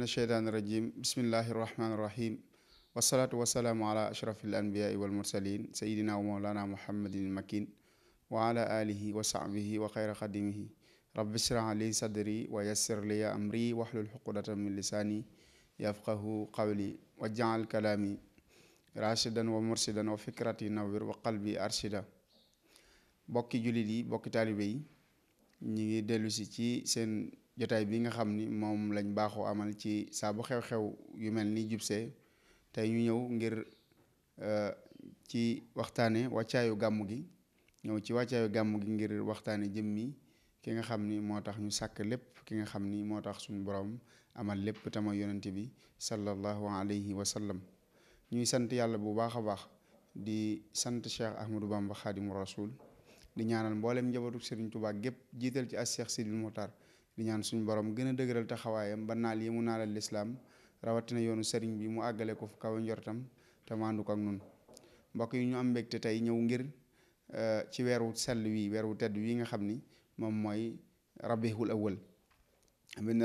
min asheytaan irajim bismillahi irrahmani irrahim wasalaatu wasalaamu ala ashrafi al anbiyaai walmursalin sayidina wa mawlana muhammadin il makin wa ala alihi wa sahbihi wa xayra xadimihi rabbi israh li sadri wa yassir li amri wahlul xuqudatan min lisaani yafqahu qawli wa jaal kalaami rashidan wa mursidan wa fikrati nawir wa qalbi arshida bokki jullit yi bokki taalibe yi ñu ngi dellusi ci seen jotaay bi nga xam ni moom lañ baaxoo amal ci saa bu xew-xew yu mel ni jubsee tey ñu ñëw ngir euh, ci waxtaane wàccaayu gàmm gi ñëw ci wàccaayu gàmm gi ngir waxtaane jëmmi ki nga xam ni moo tax ñu sàkk lépp ki nga xam ni moo tax suñu borom amal lépp tama yonent bi sallallahu alayhi wa sallam ñuy sant yàlla bu baax a baax di sant Cheikh Ahmadou Bamba Xaadimu Rasul di ñaanal mboolem njabootu Serigne tubaak gépp jiital ci ak Cheikh Sidil Mokhtar di ñaan suñu borom gën a dëgëral taxawaayam ba naal yi mu naalal lislaam rawatina yoonu sëriñ bi mu àggale ko fu kaw njortam te maandu ko ak nun mbokk yi ñu am te tey ñëw ngir eh, ci weeru sell wi wu tedd wi nga xam ni moom mooy rabiul awal benn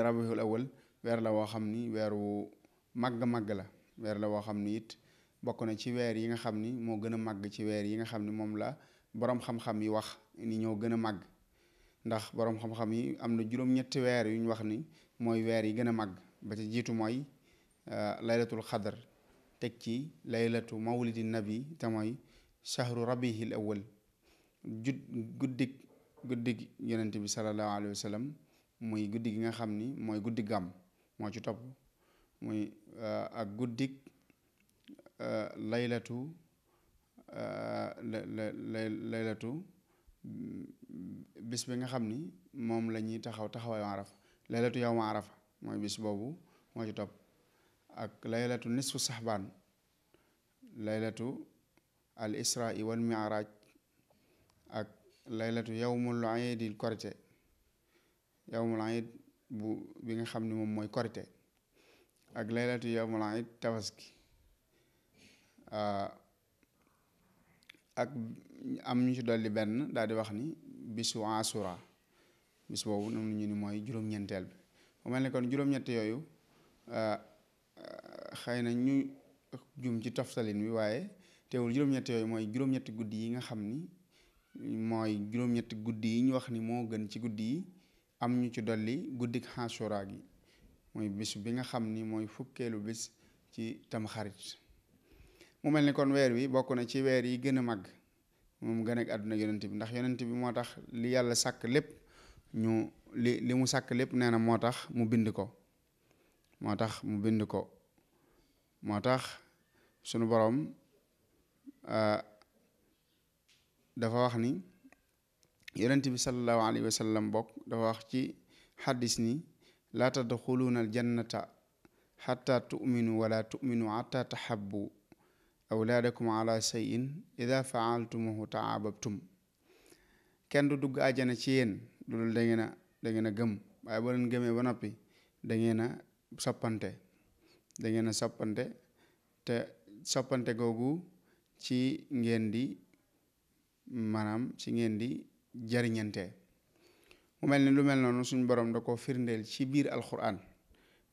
weer la woo xam ni weeru màgg-màgg la weer la woo xam ni it bokk na ci weer yi nga xam ni moo gën a màgg ci weer yi nga xam ni moom la boroom xam-xam yi wax ni ñoo gën a màgg ndax borom xam-xam yi am na juróom-ñetti weer yu ñu wax ni mooy weer yi gën a màgg ba ci jiitu mooy euh, laylatul xadar teg ci laylatu mawlidi nabi te mooy shahru rabihil awal jud guddig guddig yonente bi salallahu alayhi wa muy guddi gi nga xam ni mooy guddi gàmm moo ci topp muy euh, ak guddig euh, laylatu laylatu bis bi nga xam ni moom la ñuy taxaw taxawaayu arafa laylatu yawma arafa mooy bis boobu moo ci topp ak laylatu nisfu saxbaan laylatu al israa wal mi'raaj ak laylatu yawmul iidil korite yawmul iid bu bi nga xam ni moom mooy korite ak laylatu yawmul iid tabaski ak am ñu ci dolli benn daal di wax ni bisu asura bis boobu noonu ñu ni mooy juróom-ñeenteel bi mu mel ne kon juróom-ñett yooyu euh, euh, xëy na ñu jum ci toftalin bi waaye teewul juróom mooy juróom-ñetti yi nga xam ni mooy juróom-ñetti yi ñu wax ni moo gën ci guddi yi am ñu ci dolli guddik asura gi bi nga xam ni mooy fukkeelu bis ci tamxarit mu mel ni kon weer wi bokk na ci weer yi gën a màgg moom gën ak àdduna yonent bi ndax yonent bi moo tax li yàlla sàkk lépp ñu li li mu sàkk lépp nee na moo tax mu bind ko moo tax mu bind ko moo tax sunu boroom euh, dafa wax ni yonent bi sallallahu alayhi wa sallam bokk dafa wax ci xaddis ni laa tadxuluuna aljannata xata tuminu wala tuminu xata taxabbu awlaadakum ala shay'in ida faaltumuhu taababtum kenn du dugg àjjana ci yéen loolu da ngeen a a gëm waaye ba leen gëmee ba noppi da ngeen a soppante da a soppante te soppante googu ci ngeen di maanaam ci ngeen di jariñante mu mel ni lu mel noonu suñ borom da ko firndeel ci biir alquran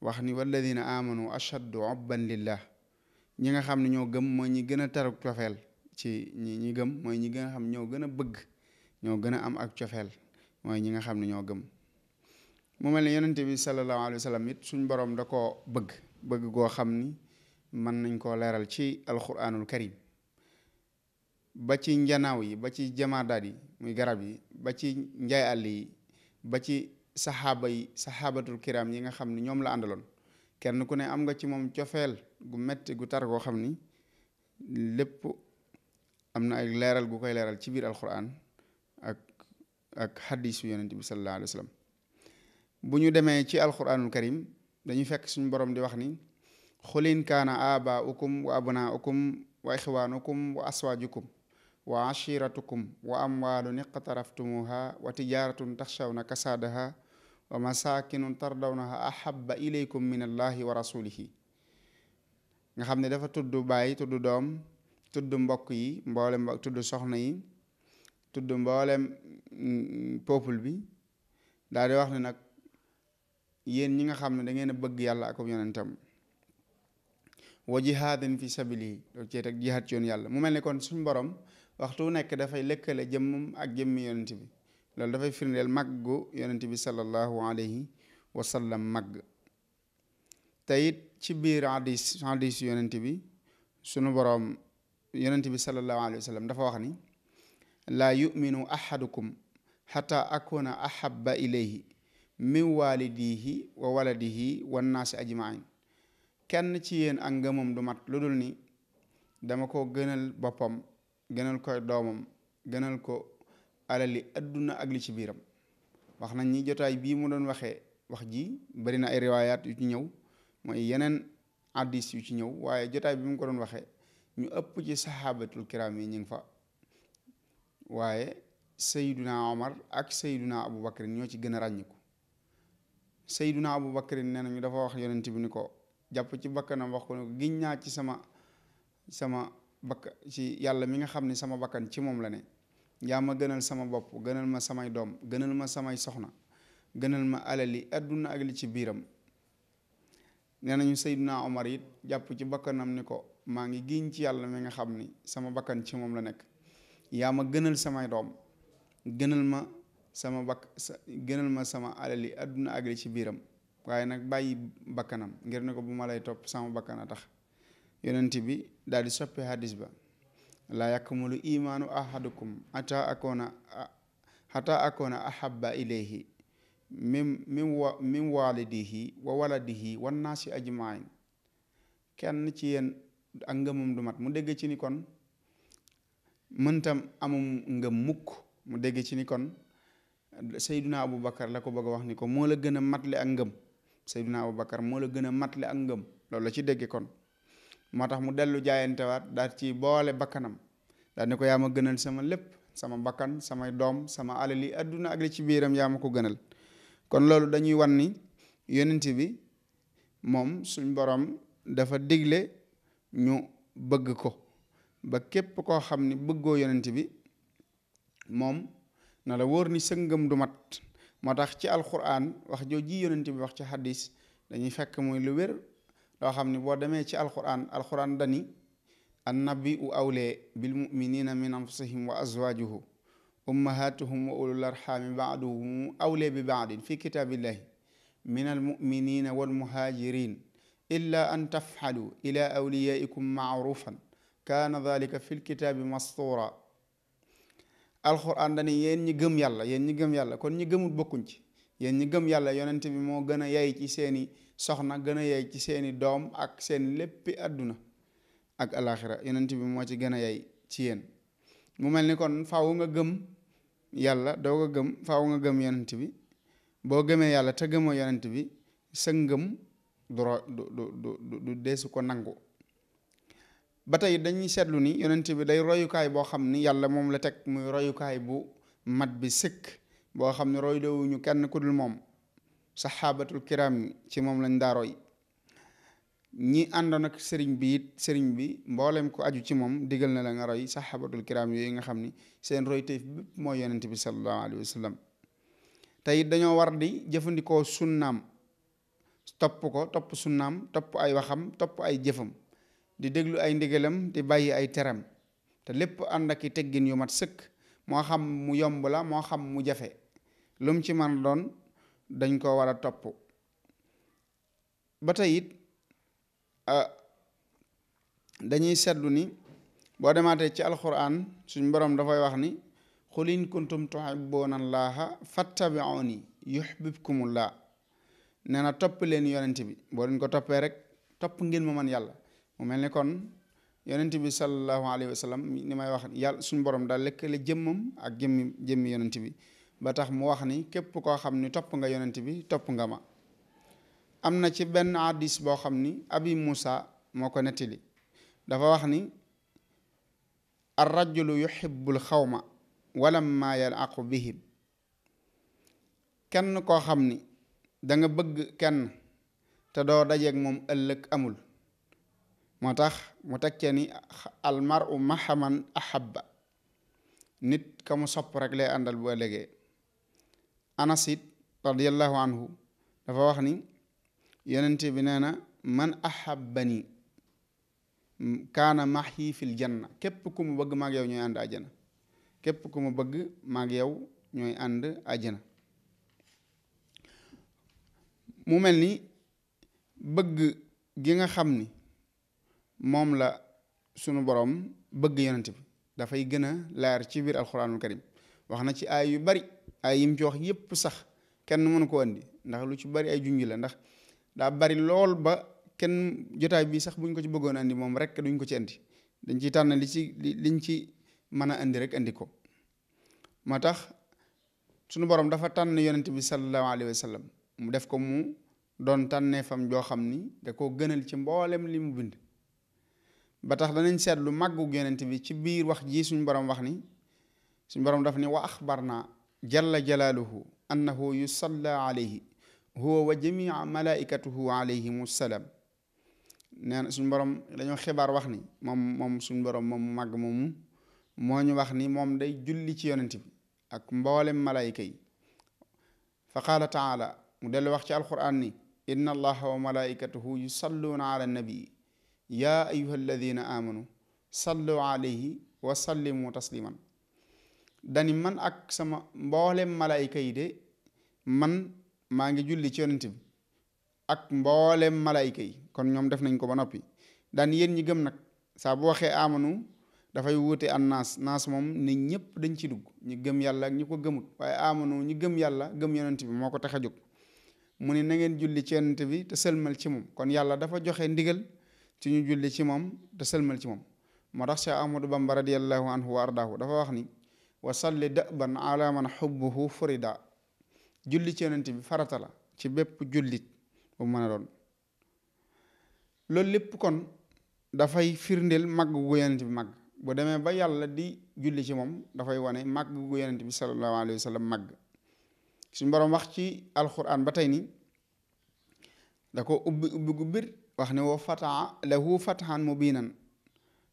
wax ni walladina amanu ashaddu obban lillah ñi nga xam ne ñoo gëm mooy ñi gën a taru cofeel ci ñi ñi gëm mooy ñi gën a xam ñoo gën a bëgg ñoo gën a am ak cofeel mooy ñi nga xam ne ñoo gëm mu mel ne yonent bi sallallahu alayhi wa sallam it suñ borom da koo bëgg bëgg goo xam ni mën nañ koo leeral ci alquranul karim ba ci njanaaw yi ba ci jamaadaat yi muy garab yi ba ci njaay àll yi ba ci saxaaba yi saxaabatul kiram ñi nga xam ni ñoom la àndaloon kenn ku ne am nga ci moom cofeel gu metti gu tar goo xam ni lépp am na ay leeral gu koy leeral ci biir alquran ak ak xadisu yonent wa sallam bu ñu demee ci alquranul karim dañuy fekk suñu borom di wax ni xulin kaana abaaukum wa abnaukum wa ixwaanukum wa aswaajukum wa ashiratukum wa amwaalun iqtaraftumuha wa tijaratun taxshawna kasaadaha wa masakinun tardawnaha ahaba ilaykum min allahi wa rasulihi nga xam ne dafa tudd baay tudd doom tudd mbokk yi mboolem tudd soxna yi tudd mboolem mm, peuple bi daal di wax ne nag yéen ñi nga xam ne dangeen bëgg yàlla ako yonentam wa jihaadin fi sabilihi loolu cee teg jihaad ci yoon yàlla mu mel ne kon suñ borom waxtu nekk dafay lëkkale jëmmam ak jëmmi yonent bi loolu dafay firndeel màggu yonent bi sallallahu alayhi wa sallam màgg te it ci biir hadis hadis yonent bi sunu boroom yonent bi sallallahu alayhi wa dafa wax ni laa yuminu ahadukum xata akuna ahaba ilayhi min waalidihi wa waladihi si ajmain kenn ci yéen ak ngëmam du mat lu dul ni dama ko gënal boppam gënal ko doomam gënal ko alali adduna ak li ci biiram wax nañ ñi jotaay bii mu doon waxee wax ji bari na ay riwaayaat yu ci ñëw mooy yeneen addis yu ci ñëw waaye jotaay bi mu ko doon waxee ñu ëpp ci saxaabatul kiram yi ñu ngi fa waaye sayduna omar ak sayduna abu bakrin ñoo ci gën a ràññiku sayduna abu bakrin nee nañu dafa wax yonent bi ni ko jàpp ci bakkanam wax ko ne ko giñ naa ci sama sama bakk ci yàlla mi nga xam ni sama bakkan ci moom la ne yaa ma gënal sama bopp gënal ma samay doom gënal ma samay soxna gënal ma alali àdduna ak li ci biiram nee nañu Seydina Omar it jàpp ci bakkanam ni ko maa ngi giñ ci yàlla mi nga xam ni sama bakkan ci moom la nekk yaa ma gënal samay doom gënal ma sama bakk sa ma sama alali àdduna ak li ci biiram waaye nag bàyyi bakkanam ngir ne ko bu ma lay topp sama bakkan a tax yonent bi daal di soppi hadis ba laa yakmulu imaanu ahadukum ata akoona ata akoona ahabba ilayhi min min wa min waalidihi wa waladihi wan naasi ajmain kenn ci yéen ak ngëmam du mat mu dégg ci ni kon mëntam amum ngëm mukk mu dégg ci ni kon Seyduna Aboubacar la ko bëgg a wax ni ko moo la gën a matle ak ngëm Seyduna Aboubacar moo la gën a matle ak ngëm loolu la ci dégg kon moo tax mu dellu jaayantewaat daal ci boole bakkanam daa ni ko yaa ma gënal sama lépp sama bakkan samay doom sama alali àdduna ak li ci biiram yaa ko gënal kon loolu dañuy wan ni yonent bi moom suñ boroom dafa digle ñu bëgg ko ba képp koo xam ni bëggoo yonent bi moom na la wóor ni sëngam du mat moo tax ci alquran wax jooji yonent bi wax ci hadis dañuy fekk mooy lu wér loo xam ni boo demee ci alquran alquran dani annabi u awlee bil muminina min anfusihim wa azwajuhu ummahatuhum wa ulul arxaami baaduhum awle bi baadin fi kitaabillahi min almuminina walmuhajirin illa an tafxalu ila awliyaikum maarufan kaana dalika fi lkitaabi mastura alquran dani yéen ñi gëm yàlla yéen ñi gëm yàlla kon ñi gëmul bokkuñ ci yéen ñi gëm yàlla yonent bi moo gën a yay ci seeni soxna gën a yay ci seeni doom ak seen léppi àdduna ak alaxira yonent bi moo ci gën a yay ci yéen mu mel ni kon faaw nga gëm yàlla doo ko gëm faaw nga gëm yonent bi boo gëmee yàlla te gëmoo yonent bi sa ngëm du du du du du ko nangu ba tey dañuy seetlu ni yonent bi day royukaay boo xam ni yàlla moom la teg muy royukaay bu mat bi sëkk boo xam ne roy doowuñu kenn ku dul moom saxaabatul kiram ci moom lañ daa roy ñi àndoon ak sëriñ bi it sëriñ bi mboolem ko aju ci moom digal na la nga roy saxaabatul kiraam yooyu nga xam ni seen roy tey bépp mooy yonent bi sallallahu te it dañoo war di jëfandikoo sunnaam topp ko topp sunnaam topp ay waxam topp ay jëfam di déglu ay ndigalam di bàyyi ay teram te lépp ànd ak i teggin yu mat sëkk moo xam mu yomb la moo xam mu jafe lu mu ci mën doon dañ koo war a topp ba tey it Ah, dañuy seetlu ni boo demaatee ci alquran suñ borom dafay wax ni qul in kuntum tuhibbuuna allaha fattabi'uni yuhbibkumullah nee na topp leen yonent bi boo leen ko toppee rek topp ngeen ma man yàlla mu mel ni kon yonent bi sallallahu alayhi wa ni may wax yàlla suñ borom daal lëkkale jëmmam ak jëmmi jëmmi yonent bi ba tax mu wax ni képp koo xam ni topp nga yonent bi topp nga ma am na ci benn hadis boo xam ni abi Moussa moo ko nettali dafa wax ni ar rajulu yuhibbul xawma walamma yalaqu bihim kenn koo xam ni danga bëgg kenn te doo dajeek moom ëllëg amul moo tax mu teg cee ni almaru mahaman ahabba nit ka sopp rek lay àndal bu ëllëgee Anas radiallahu anhu dafa wax ni yonente bi nee na man ahabbani kaana mahyi fil janna képp ku mu bëgg maag yow ñooy ànd ajjana képp ku mu bëgg maag yow ñooy ànd ajjana mu mel ni bëgg gi nga xam ni moom la sunu boroom bëgg yonent bi dafay gën a leer ci biir alxuraanul karim wax na ci ay yu bari ay yim ci wax yépp sax kenn mënu ko andi ndax lu ci bari ay junj la ndax daa bari lool ba kenn jotaay bii sax buñ ko ci bëggoon andi moom rek duñ ko ci andi dañ ci tànn li ci liñ ci mën a andi rek andi ko moo tax sunu borom dafa tànn yonent bi sallallahu alayhi mu def ko mu doon tànnee joo xam ni da koo gënal ci mboolem li mu bind ba tax danañ seetlu màggu yonent bi ci biir wax ji suñu borom wax ni suñu borom daf ni wa axbar naa jalla jalaaluhu annahu yusalla alayhi huwa wa jamia malaikatuhu alayhimu salaam na suñu borom dañoo xibaar wax ni moom suñ suñu borom moom màgg moomu moo ñu wax ni moom day julli ci yonent bi ak mboolem malaayika yi fa qaala taala mu dellu wax ci alquran ni inna allaha wa malaikatahu yusalluuna ala nabii yaa ayuha alladina amanu sallu alayhi wa sallimu tasliman dani man ak mboolem malaayika yi de man maa ngi julli ci yonent bi ak mboolem malaayika yi kon ñoom def nañ ko ba noppi daan yéen ñi gëm nag saa boo waxee amanu dafay wuute an naas naas moom nit ñëpp dañ ci dugg ñu gëm yàlla ak ñu ko gëmut waaye amanu ñu gëm yàlla gëm yonent bi moo ko tax a jóg mu ne na ngeen julli ci yonent bi te sëlmal ci moom kon yàlla dafa joxe ndigal ci ñu julli ci moom te sëlmal ci moom moo tax Cheikh Ahmadou Bamba radiallahu anhu wa ardaahu dafa wax ni wa salli da'ban ala man julli ci yonent bi farata la ci bépp jullit bu mën doon loolu lépp kon dafay firndeel màgg gu yonent bi màgg bu demee ba yàlla di julli ci moom dafay wane màgg gu yonent bi sallallahu alayhi wa sallam màgg suñu wax ci alxuraan ba tey ni da ko ubbi ubbi gu bir wax ne woo fataa lahu fatahan mubinan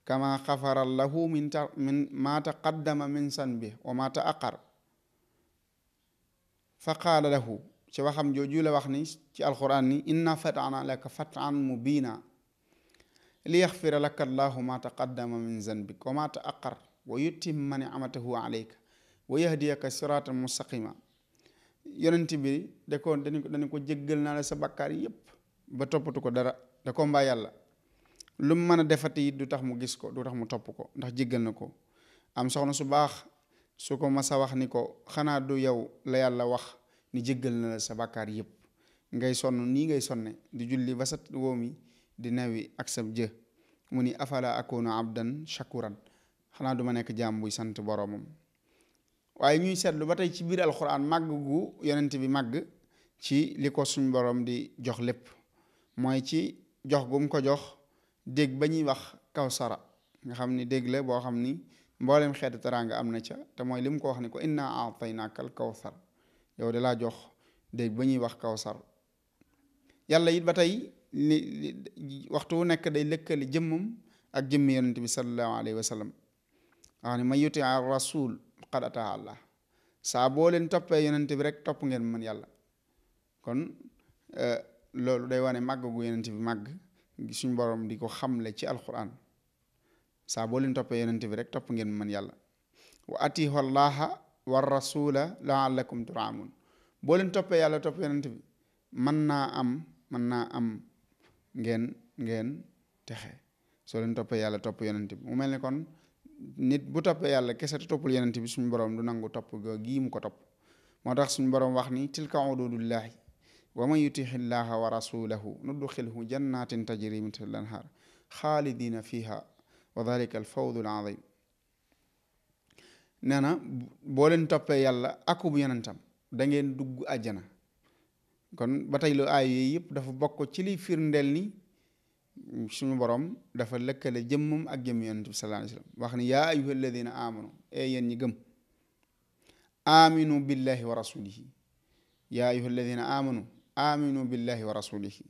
kama xafara lahu min ta min maa taqaddama min san bi wa maa taaqar fa qaala lahu ci waxam jooju la wax ni ci alquran ni inna fatana laka fatan mubina li yaxfira laka allahu ma taqaddama min zanbik wa ma taaqar wa yutimma ni'amatahu alayka wa yahdiyaka siratan mustaqima yonent bi da ko dañ ko dañ naa la sa bakkaar yépp ba toppatu ko dara da ko mbaa yàlla lu mu mën a defati it du tax mu gis ko du tax mu topp ko ndax jéggal na ko am soxna su baax su ko ma sa wax ni ko xanaa du yow la yàlla wax ni jéggal na la sa bàkkaar yépp ngay sonn nii ngay sonne di julli ba sa woomi di nawi ak sa jë mu ni afala akunu abdan shakuran xanaa du ma nekk jaam buy sant boroomam waaye ñuy seetlu ba tey ci biir alxuraan màgg gu yonent bi màgg ci li ko suñ borom di jox lépp mooy ci jox gum ko jox dégg ba ñuy wax kaw kawsara nga xam ni dégg la boo xam ni mboolem xeeti teraanga am na ca te mooy li ko wax ne ko inna a'taynaaka al kawsar yow da laa jox dégg ba ñuy wax kawsar yàlla yit ba tey li waxtu wu nekk day lëkkale jëmmam ak jëmmi yonent bi sallallahu alayhi wa sallam wax ne allah saa boo leen toppee yonent bi rek topp ngeen man yàlla kon eh, loolu day wane màgg gu yonent bi màgg suñ borom di ko xamle ci alquran saa boo leen toppee yonent bi rek topp ngeen man yàlla wa atihu allaha wa rasula laallakum turaamun boo leen toppee yàlla topp yonent man mën naa am mën naa am ngeen ngeen texe soo leen toppee yàlla topp yonent bi mu mel ni kon nit bu toppee yàlla kese te toppul yonent bi suñu borom du nangu topp ga gii mu ko topp moo tax suñu boroom wax ni tilka ududullahi wa man yutixi llaha wa rasulahu nudxilhu jannatin tajri min tahtiha al anhar xaalidina fiha wa dalika al fawdul azim nee na boo leen toppee yàlla akub yonentam da dugg àjjana kon ba tey yëpp dafa bokk ci liy firndeel ni suñu borom dafa lëkkale jëmmam ak jëmm yonent wax ni yaa ayuha alladina amanu ee yéen ñi gëm aminu billahi wa rasulihi yaa ayuha amanu aminu billahi wa rasulihi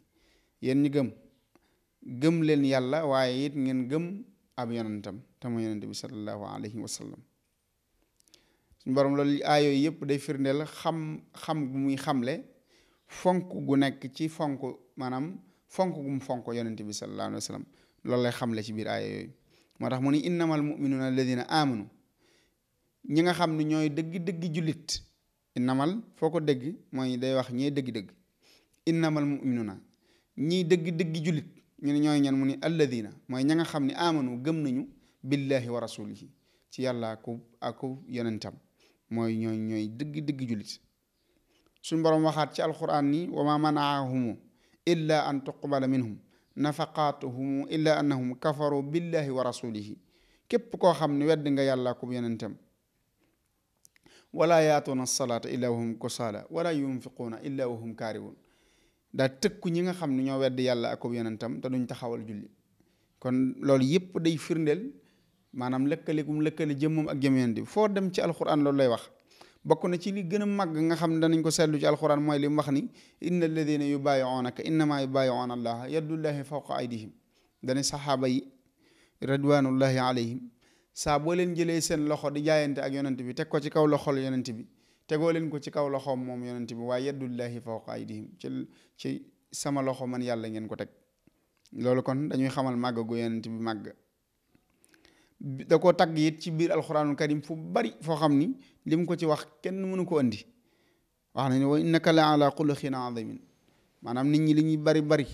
yéen ñi gëm gëm leen yàlla waaye it ngeen gëm ab yonentam te mu yonent bi sallallahu alayhi wa sallam suñu borom loolu aayoo yëpp day firndeel xam xam muy xamle fonk gu nekk ci fonk maanaam fonk gu fonk yonent bi sallallahu alayhi wa sallam loolu lay xamle ci biir aayoo moo tax mu ni innamal mu'minuna alladina amanu ñi nga xam ne ñooy dëgg-dëgg jullit innamal foo ko dégg mooy day wax ñee dëgg-dëgg innamal mu'minuna ñiy dëgg-dëgg jullit ñu ne ñooy ñan mu ni alladina mooy ña nga xam ne amanu gëm nañu billahi wa rasulihi ci yàlla aku aku mooy ñooy ñooy digg dëgg jullit suñ borom waxaat ci alquran ni wa ma manaahum illa an tuqbala minhum nafaqatuhum illa annahum kafaru billahi wa rasulihi képp koo xam ne wedd nga yàlla akub yonentam wala yaatuuna salaata illa wahum kusaala wala yunfiquuna illa wahum kaariwun daa tëkku ñi nga xam ne ñoo wedd yàlla ak yonentam te duñ taxawal julli kon loolu yëpp day firndeel maanaam lëkkalegum lëkkale jëmmam ak jëm yonent bi foo dem ci alxuraan loolu lay wax bokk na ci li gën a màgg nga xam ne danañ ko seetlu ci alxuraan mooy li mu wax ni inna alladina yubaayi'unaka innama yubaayi'una allaha yadullahi fawqa aydihim dana saxaaba yi radwanullahi alayhim saa boo leen jëlee seen loxo di jaayante ak yonent bi teg ko ci kaw loxol yonent bi tegoo leen ko ci kaw loxoom moom yonent bi waaye yaddullahi fawqa aydihim ci ci sama loxo man yàlla ngeen ko teg loolu kon dañuy xamal màgg gu yonent bi màgg da ko tagg yit ci biir alxuraanul karim fu bari foo xam ni li ko ci wax kenn mënu ko andi wax nañu wa innaka la ala xuluqin azimin maanaam nit ñi li ñuy bari bari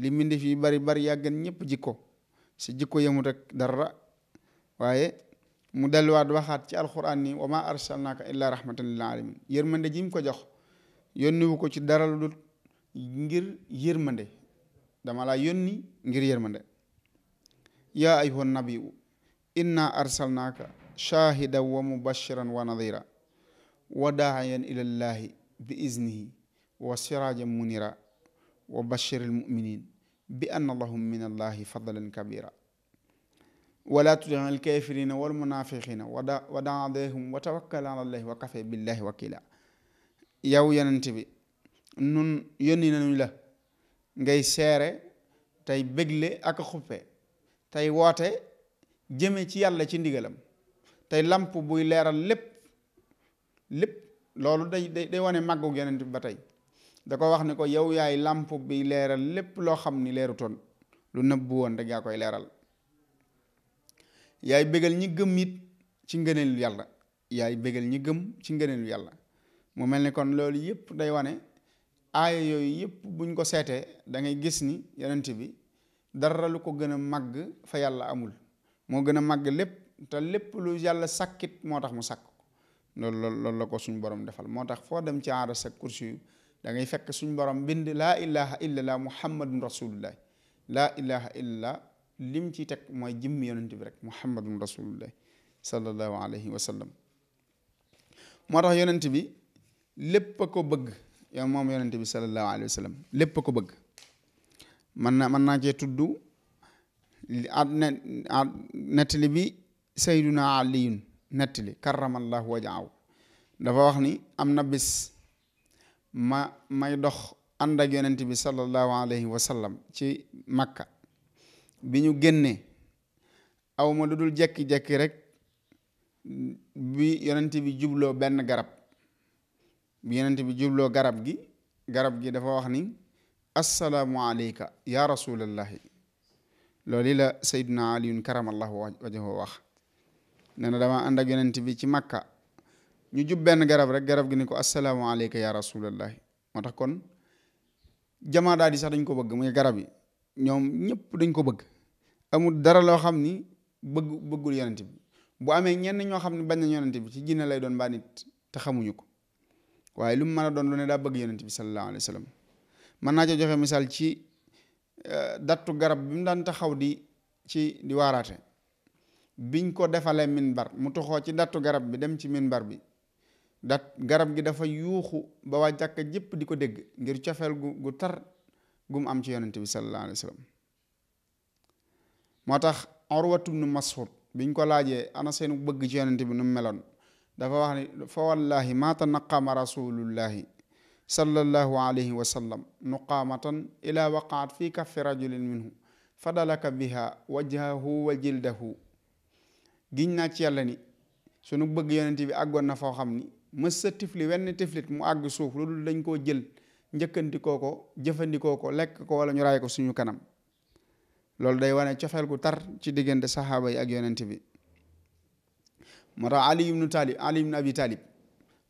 lim mbindeef fi bari bari yaa ñépp ñëpp jikko si jikko yemut ak dara waaye mu delluwaat waxaat ci alquran ni wa maa arsalnaaka illaa rahmatan lil alamin ji ko jox yónniwu ko ci dara lu dul ngir yërmande dama laa yónni ngir yërmande yaa ayyuhan nabiyu inna arsalnaaka shaahidan wa mubashiran wa nadira wa daayan ilallahi bi iznihi wa sirajan munira wa bashiril muminin bi anna lahum min allahi fadlan kabira wala tuti al kafirina wal munafiqina wada wada alayhim wa tawakkal ala allahi wa kafa billahi wakila yow yonent bi nun yónni nañu la ngay seere tey bégle ak xuppe tey woote jëme ci yàlla ci ndigalam tey lamp buy leeral lépp lépp loolu day day day wane màggug yonent bi ba tey da ko wax ne ko yow yaay lamp bi leeral lépp loo xam ni leeru toon lu nëbbu woon rek yaa koy leeral yaay bégal ñi gëm yit ci ngëneelu yàlla yaay bégal ñi gëm ci ngëneelu yàlla mu mel ni kon loolu yëpp day wane aaya yooyu yëpp buñ ko seetee da ngay gis ni yonent bi dara lu ko gën a màgg fa yàlla amul moo gën a màgg lépp te lépp lu yàlla sàkkit moo tax mu sàkk lool loolu la ko suñu borom defal moo tax foo dem ci aras ak kursi yu da fekk suñu borom bind laa ilaha illallah muhammadun rasulullah laa ilaha illallah lim ciy teg mooy jëmmi yonent bi rek muhammadun rasulullah sallallahu alayhi wa sallam moo tax yonent bi lépp a ko bëgg yow moom yonent bi sallallahu alayhi lépp ko bëgg mën na mën naa cee tudd at nettali bi sayduna aliyun nettali karamallahu wajaaw dafa wax ni am na bis ma may dox andak ak yonent bi sallallahu alayhi wa sallam ci makka bi ñu génnee awma lu dul jekki-jekki rek bi yonent bi jubloo benn garab bi yonent bi jubloo garab gi garab gi dafa wax ni assalaamu alayka yaa rasulallahi loolu la sayduna aliyun karamallahu wajahu wax nee na dama ànd ak bi ci makka ñu jub benn garab rek garab gi ni ko assalaamu alayka yaa rasulallahi moo tax kon jamaa daal di sax dañ ko bëgg muy garab yi ñoom ñëpp dañ ko bëgg amul dara loo xam ni bëgg bëggul yonent bi bu amee ñenn ñoo xam ne bañ na yonent bi ci jinne lay doon mbaa nit te xamuñu ko waaye lu mu mën a doon lu ne daa bëgg yonent bi sallallahu alayhi wa sallam mën naa ca joxe misaal ci eh, dattu garab bi mu daan taxaw di ci di biñ ko defalee minbar mu toxoo ci dattu garab bi dem ci minbar bi dat garab gi dafa yuuxu ba waa jàkka di ko dégg ngir cofeel gu gu tar gum am ci yonent bi sallallahu alayhi moo tax Urwatu ibnu Mas'ud biñ ko laajee ana seen bëgg ci yonent bi nu meloon dafa wax ne fa wallahi ma tanaqama rasulullahi sallallahu alayhi wa sallam nuqaamatan ila waqaat fii kaffi rajulin minhu fadalaka biha wajhahu wa jildahu giñ naa ci yàlla ni sunu bëgg yonent bi àggoon na foo xam ni mës sa tifli wenn tiflit mu àgg suuf lu dul dañ koo jël njëkkandikoo ko jëfandikoo ko lekk ko wala ñu raay ko suñu kanam loolu day wane cofeel gu tar ci diggante saxaaba yi ak yonent bi moo tax ali ibnu taalib ali ibnu abi taalib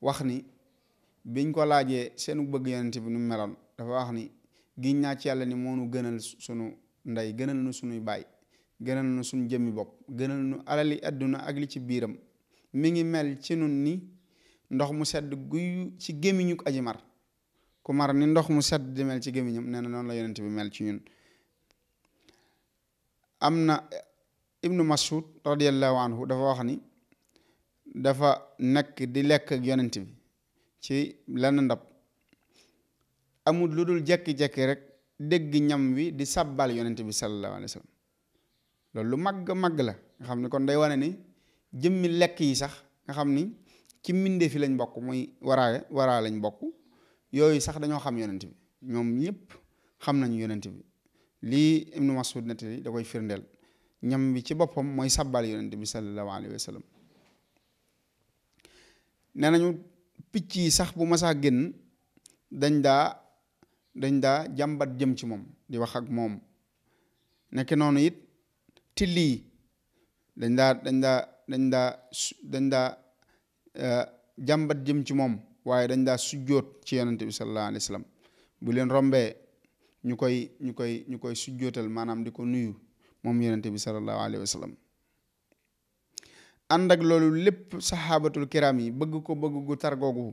wax ni biñ ko laajee seenu bëgg yonent bi nu meloon dafa wax ni giñ naa ci yàlla ni moonu gënal sunu ndey gënal nu sunuy baay gënal nu suñu jëmmi bopp gënal nu alali adduna ak li ci biiram mi ngi mel ci nun ni ndox mu sedd guy ci gémmiñu aji mar ku mar ni ndox mu sedd di mel ci gémmiñam nee na noonu la yonent bi mel ci ñun am na eh, ibnu masud radiallahu anhu dafa wax ni dafa nekk di lekk ak yonent bi ci lenn ndab amul lu dul jekki-jekki rek dégg ñam wi di sabbal yonent bi sallallahu alayhi wa loolu lu màgg màgg la nga xam ni kon day wane ni jëmmi lekk yi sax nga xam ni ci mbindee fi lañ bokk muy waraaya waraa lañ bokk yooyu sax dañoo xam yonent bi ñoom ñëpp xam nañu yonent bi lii Ibnu Mas'ud nettali da koy firndeel ñam bi ci boppam mooy sabbal yonente bi sallallahu alayhi wa nee nañu picc yi sax bu masaa génn dañ daa dañ daa jàmbat jëm ci moom di wax ak moom nekk noonu it till yi dañ daa dañ daa dañ daa dañ daa eh, jàmbat jëm ci moom waaye dañ daa sujjóot ci yonente bi sallallahu alayhi wa sallam bu leen rombee ñu koy ñu koy ñu koy sujjootal maanaam di ko nuyu moom yonente bi sallallahu alayhi wa sallam loolu lépp saxaabatul kiram yi bëgg ko bëgg gu tar googu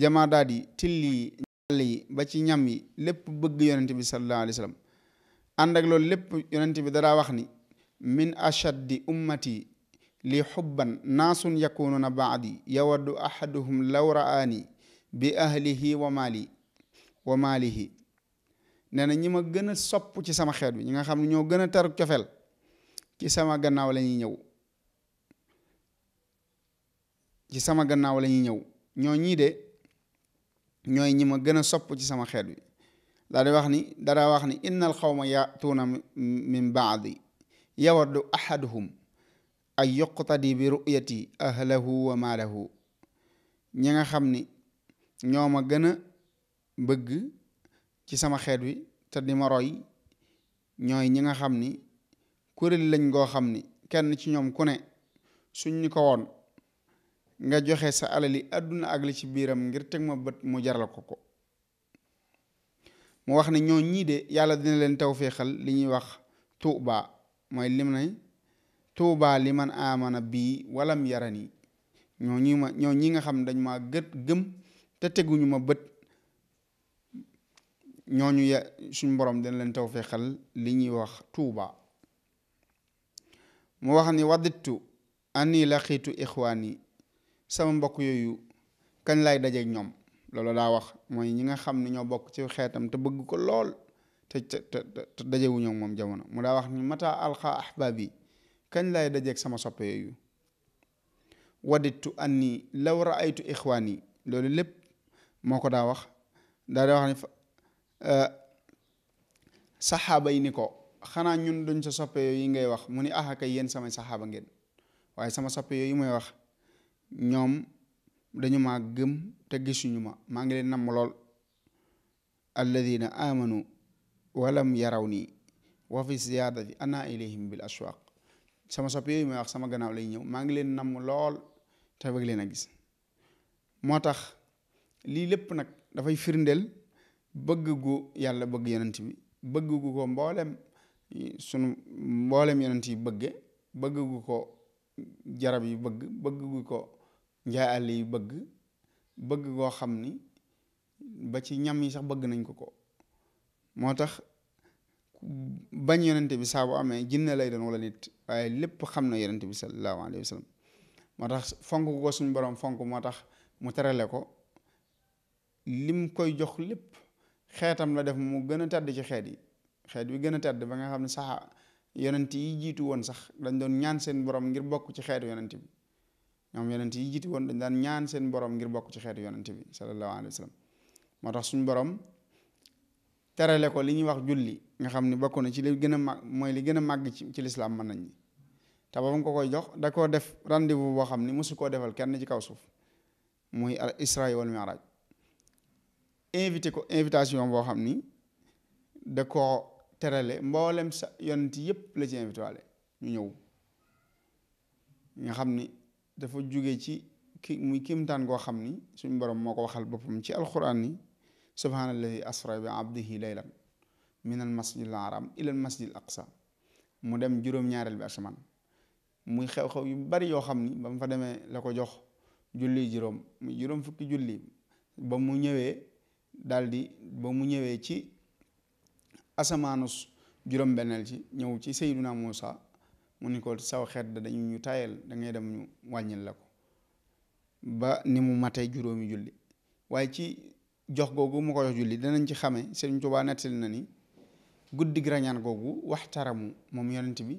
jamaadaat yi till yi ñàll yi ba ci ñam yi lépp bëgg yonente bi sallallahu alayhi wa sallam loolu lépp yonente bi dadaa wax ni min ashaddi ummati li xubban naasun yakununa baadi yawaddu ahaduhum law bi ahlihi wa maali nee na ñi ma gën a sopp ci sama xeet bi ñi nga xam ne ñoo gën a taru cofeel ci sama gannaaw lañuy ñëw ci sama gannaaw la ñëw ñoo ñii de ñooy ñi ma gën a sopp ci sama xeet bi daal di wax ni dara wax ni innal xawma yatuuna min baadi yawaddu ahaduhum ay yuqtadi bi ru'yati ahlahu wa maalahu ñi nga xam ni ñoo ma gën a bëgg ci sama xeet wi te di ma roy ñooy ñi nga xam ni kuréel lañ ngoo xam ni kenn ci ñoom ku ne suñ ñu ko woon nga joxe sa alali àdduna ak li ci biiram ngir teg ma bët mu jaral ko ko mu wax ne ñoo ñii de yàlla dina leen tawféexal li ñuy wax tuuba mooy lim na tuuba li man amana bii wallam yara nii ñoo ñi ma ñoo ñi nga xam dañ ma gët gëm te teguñu ma bët ñooñu ya suñ borom dana leen tawféexal li ñuy wax tuuba mu wax ni wadditu anni laqiitu yi sama mbokk yooyu kañ lay dajeeg ñoom loolu daa wax mooy ñi nga xam ne ñoo bokk ci xeetam te bëgg ko lool te te te moom jamono mu daa wax ni mataa alqa ahbaab yi kañ lay dajeek sama soppe yooyu wadditu a aytu raaytu yi loolu lépp moo ko daa wax daa daa wax ni Euh, saxaaba yi ni ko xanaa ñun dañ sa soppe yooyu ngay wax mu ni ah kay yéen samay saxaaba ngeen waaye sama soppe yooyu may wax ñoom dañu maa gëm te gisuñu ma maa ngi leen namm lool alladina amanu walam yaraw nii wa fi ziyaadati ana ilayhim bil aswaq sama sopp yooyu may wax sama gannaaw lay ñëw maa ngi leen namm lool te bëgg leen a gis moo tax lii lépp nag dafay firndeel bëgg gu yàlla bëgg yonent bi bëgg gu ko mboolem sunu mboolem yonent yi bëgge bëgg gu ko jarab yi bëgg bëgg gu ko njaay àll yi bëgg bëgg goo xam ni ba ci ñam yi sax bëgg nañ ko ko moo tax bañ yonent bi saa bu amee jinne lay doon wala nit waaye lépp xam na yonent bi sallallahu alayhi wa moo tax fonk ko suñu borom fonk moo tax mu terale ko lim koy jox lépp xeetam la def mu gën a tedd ci xeet yi xeet wi gën a tedd ba nga xam ne sax yonent yi jiitu woon sax dañ doon ñaan seen borom ngir bokk ci xeetu yonent bi ñoom yonent yi jiitu woon dañ daan ñaan seen borom ngir bokk ci xeetu yonent bi sallallahu alayhi wa sallam moo tax suñu boroom terale ko li ñuy wax julli nga xam ne bokk na ci li gën a mag mooy li gën a màgg ci ci lislaam mën nañ ñi te ba mu ko koy jox da koo def rendez-vous boo xam ni mosu koo defal kenn ci kaw suuf muy al isra wal mi'raj invité ko invitation boo xam ni da ko terale mboolem sa yonent yëpp la ci invité ñu ñëw nga xam ni dafa jóge ci ki muy kimtaan koo xam ni suñu borom moo ko waxal boppam ci alquran ni subhaanallahi asra bi abdihi laylan min al masjid al haram ila al masjid al aqsa mu dem juróom-ñaareel bi asamaan muy xew-xew yu bari yoo xam ni ba mu fa demee la ko jox julli juróom muy juróom fukki julli ba mu ñëwee daldi ba mu ñëwee ci asamaanus juróom-benneel ci ñëw ci naa Muusa mu ni ko saw xeet da dañu ñu tayal da ngay dem ñu wàññil la ko ba ni mu matee juróomi julli waaye ci jox googu mu ko jox julli danañ ci xame Sëriñ Tuubaa nettali na ni guddi gi rañaan googu waxtaramu moom yonent bi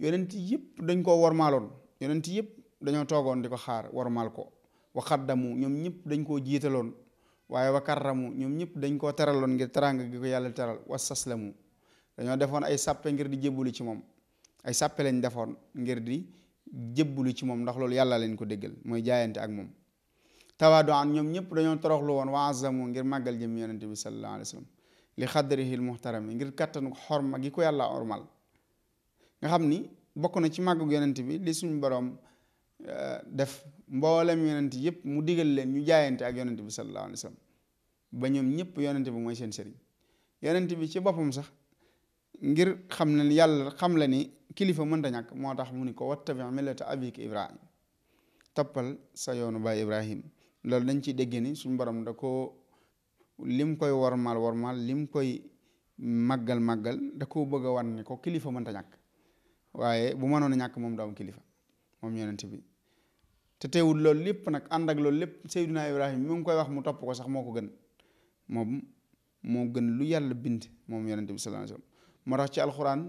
yonent yëpp dañ koo warmaaloon yonent yëpp dañoo toogoon di ko xaar warmaal ko waxaddamu ñoom ñëpp dañ koo jiitaloon waaye wa karramu ñoom ñëpp dañ koo teraloon ngir teranga gi ko yàlla teral wa wasaslamu dañoo defoon ay sàppe ngir di jébbulu ci moom ay sàppe lañ defoon ngir di jébbulu ci moom ndax loolu yàlla leen ko déggal mooy jaayante ak moom tawaadu an ñoom ñëpp dañoo toroxlu woon wa azamu ngir màggal jëm yonente bi sallallahu alayhi wa sallam li xadrihi lmuhtarami ngir kàttanu xorma gi ko yàlla ormal nga xam ni bokk na ci màggug yonente bi li suñ boroom eh, def mboolem yonent yëpp mu diggal leen ñu jaayante ak yonent bi sallallahu alayhi wa sallam ba ñoom ñëpp yonent bi mooy seen sëriñ yonent bi ci boppam sax ngir xam ne yàlla xam la ni kilifa mënta ñàkk moo tax mu ni ko wattabi millata abika ibrahim toppal sa yoonu baay ibrahim loolu dañ ciy dégg ni suñu borom da ko lim koy wormaal wormaal lim koy màggal màggal da ko bëgg a wan ni ko kilifa mënta ñàkk bu mënoon ñàkk moom du am kilifa moom yonent bi te teewul loolu lépp nag ànd ak loolu lépp Seydina Ibrahima mi ngi koy wax mu topp ko sax moo ko gën moom moo gën lu yàlla bind moom yonente bi sallallahu alayhi moo tax ci alxuraan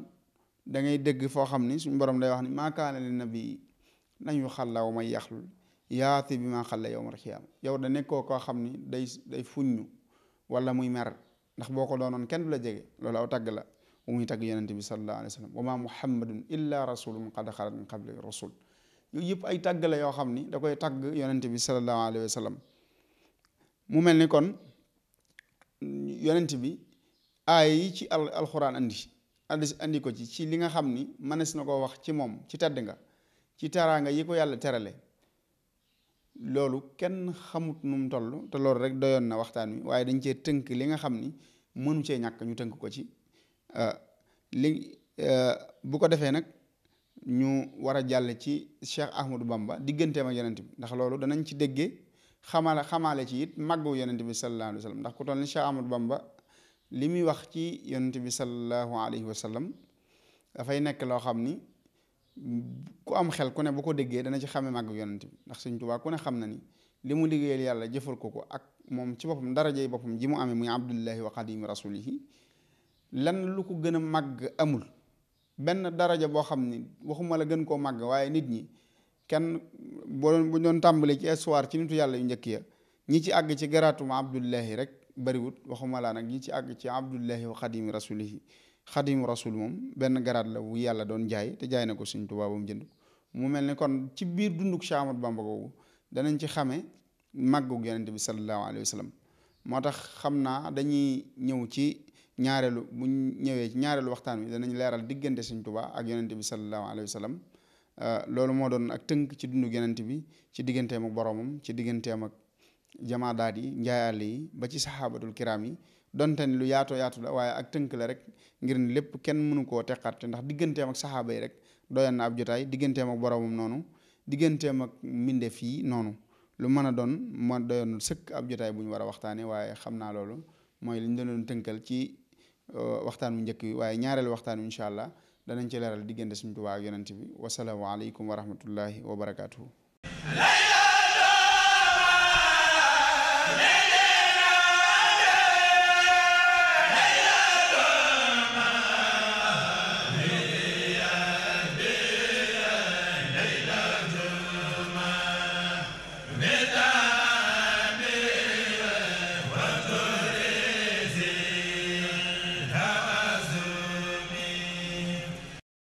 da ngay dégg foo xam ni suñu borom day wax ni maa kaana li nabi nañu xàllaw may yaxlul yaati bi maa xalla yawmal yow da nekkoo koo xam ni day day fuññu wala muy mer ndax boo ko doonoon kenn du la jege loolu aw tagg la bu muy tagg yonente bi sallallahu alayhi wasallam wa maa muhammadun illa rasulun qad xalat min qabli rasul yooyu yëpp ay tàggale yoo xam ni da koy tàgg yonent bi sallallahu alayhi mu mel ni kon yonent bi aay yi ci al alxuraan andi andi andi ko ci ci li nga xam ni mënees na koo wax ci moom ci tedd nga ci teraanga yi ko yàlla terale loolu kenn xamut nu mu toll te loolu rek doyoon na waxtaan wi waaye dañ cee tënk li nga xam ni mënu cee ñàkk ñu tënk ko ci euh, li euh, bu ko defee nag ñu war a jàll ci Cheikh Ahmadou Bamba digganteem ak yonent bi ndax loolu danañ ci déggee xamala xamaale ci it màggu yonent bi sallallahu alayhi wa sallam ndax ku toll ni Cheikh Ahmadou Bamba li muy wax ci yonent bi sallallahu alayhi wa sallam dafay nekk loo xam ni ku am xel ku ne bu ko déggee dana ci xame màggu yonent bi ndax Sëñ Tuubaa ku ne xam na ni li mu liggéeyal yàlla jëfal ko ko ak moom ci boppam jay boppam ji mu amee muy abdullahi wa xadimi rasulihi lan lu ko gën a màgg amul benn daraja boo xam ni waxuma la gën koo màgg waaye nit ñi kenn boo doon bu doon tàmbali ci histoire ci nitu yàlla yu njëkk ya ñi ci àgg ci garaatuma abdullahi rek bariwut waxuma laa nag ñi ci àgg ci abdullahi wa xadimi rasulihi xadimu rasul moom benn garaat la wu yàlla doon jaay te jaay na ko Sëñ Tuubaa ba mu jënd mu mel ni kon ci biir dunduk Cheikh Ahmadou Bamba danañ ci xame màggug yonente bi sallallahu alayhi wa sallam moo tax xam naa dañuy ñëw ci ñaareelu bu ñëwee ñaareelu waxtaan wi danañ leeral diggante Sëñ Tuubaa ak yonent bi sallallahu alayhi wa euh, loolu moo doon ak tënk ci dundu yonent bi ci digganteem ak boromam ci digganteem ak jamaadaat yi njaayaale ba ci saxaabatul kiraam yi donte ne lu yaatoo yaatu la waaye ak tënk la rek ngir lépp kenn mënu koo teqarte ndax digganteem ak saxaaba yi rek doyoon na ab jotaay digganteem ak boromam noonu digganteem ak mbindeef yi noonu lu mën a doon ma doyoon sëkk ab jotaay bu ñu war a waxtaanee waaye xam naa loolu mooy li ñu tënkal ci. Euh, waxtaan wu njëkk bi waaye ñaareelu waxtaan wi incha allah danañ ci leeral diggante Sëriñ Tuubaa ak yonent bi wasalaamu aleykum wa rahmatullahi wa barakaatuhu